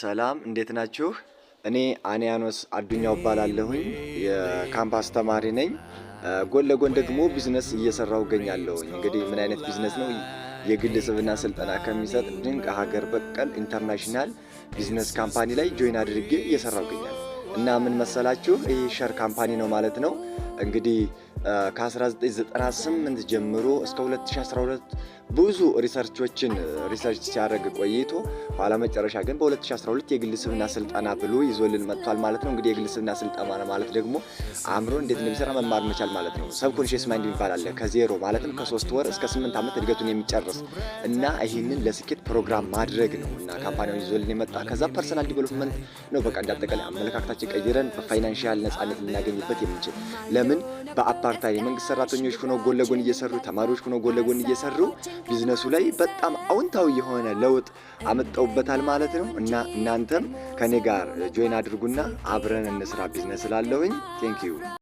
ሰላም እንዴት ናችሁ? እኔ አንያኖስ አዱኛው እባላለሁኝ የካምፓስ ተማሪ ነኝ። ጎን ለጎን ደግሞ ቢዝነስ እየሰራሁ እገኛለሁኝ። እንግዲህ ምን አይነት ቢዝነስ ነው? የግል ስብና ስልጠና ከሚሰጥ ድንቅ ሀገር በቀል ኢንተርናሽናል ቢዝነስ ካምፓኒ ላይ ጆይን አድርጌ እየሰራሁ እገኛለሁ። እና ምን መሰላችሁ ይህ ሸር ካምፓኒ ነው ማለት ነው እንግዲህ ከ1998 ጀምሮ እስከ 2012 ብዙ ሪሰርቾችን ሪሰርች ሲያደርግ ቆይቶ ኋላ መጨረሻ ግን በ2012 የግል ስብና ስልጠና ብሎ ይዞልን መጥቷል ማለት ነው። እንግዲህ የግል ስብዕና ስልጠና ማለት ደግሞ አእምሮ እንዴት እንደሚሰራ መማር መቻል ማለት ነው። ሰብኮንሽስ ማይንድ የሚባል አለ። ከዜሮ ማለትም ከሶስት ወር እስከ ስምንት ዓመት እድገቱን የሚጨርስ እና ይህንን ለስኬት ፕሮግራም ማድረግ ነው እና ካምፓኒውን ይዞልን የመጣ ከዛ ፐርሰናል ዲቨሎፕመንት ነው። በቃ እንዳጠቃላይ አመለካከታችን ቴክኖሎጂ ቀይረን በፋይናንሻል ነጻነት ልናገኝበት የምንችል ለምን በአፓርታይ የመንግስት ሰራተኞች ሆነ ጎን ለጎን እየሰሩ ተማሪዎች ሆነው ጎን ለጎን እየሰሩ ቢዝነሱ ላይ በጣም አውንታዊ የሆነ ለውጥ አመጣውበታል ማለት ነው። እና እናንተም ከኔ ጋር ጆይን አድርጉና አብረን እንስራ ቢዝነስ ስላለሁኝ ቴንኪዩ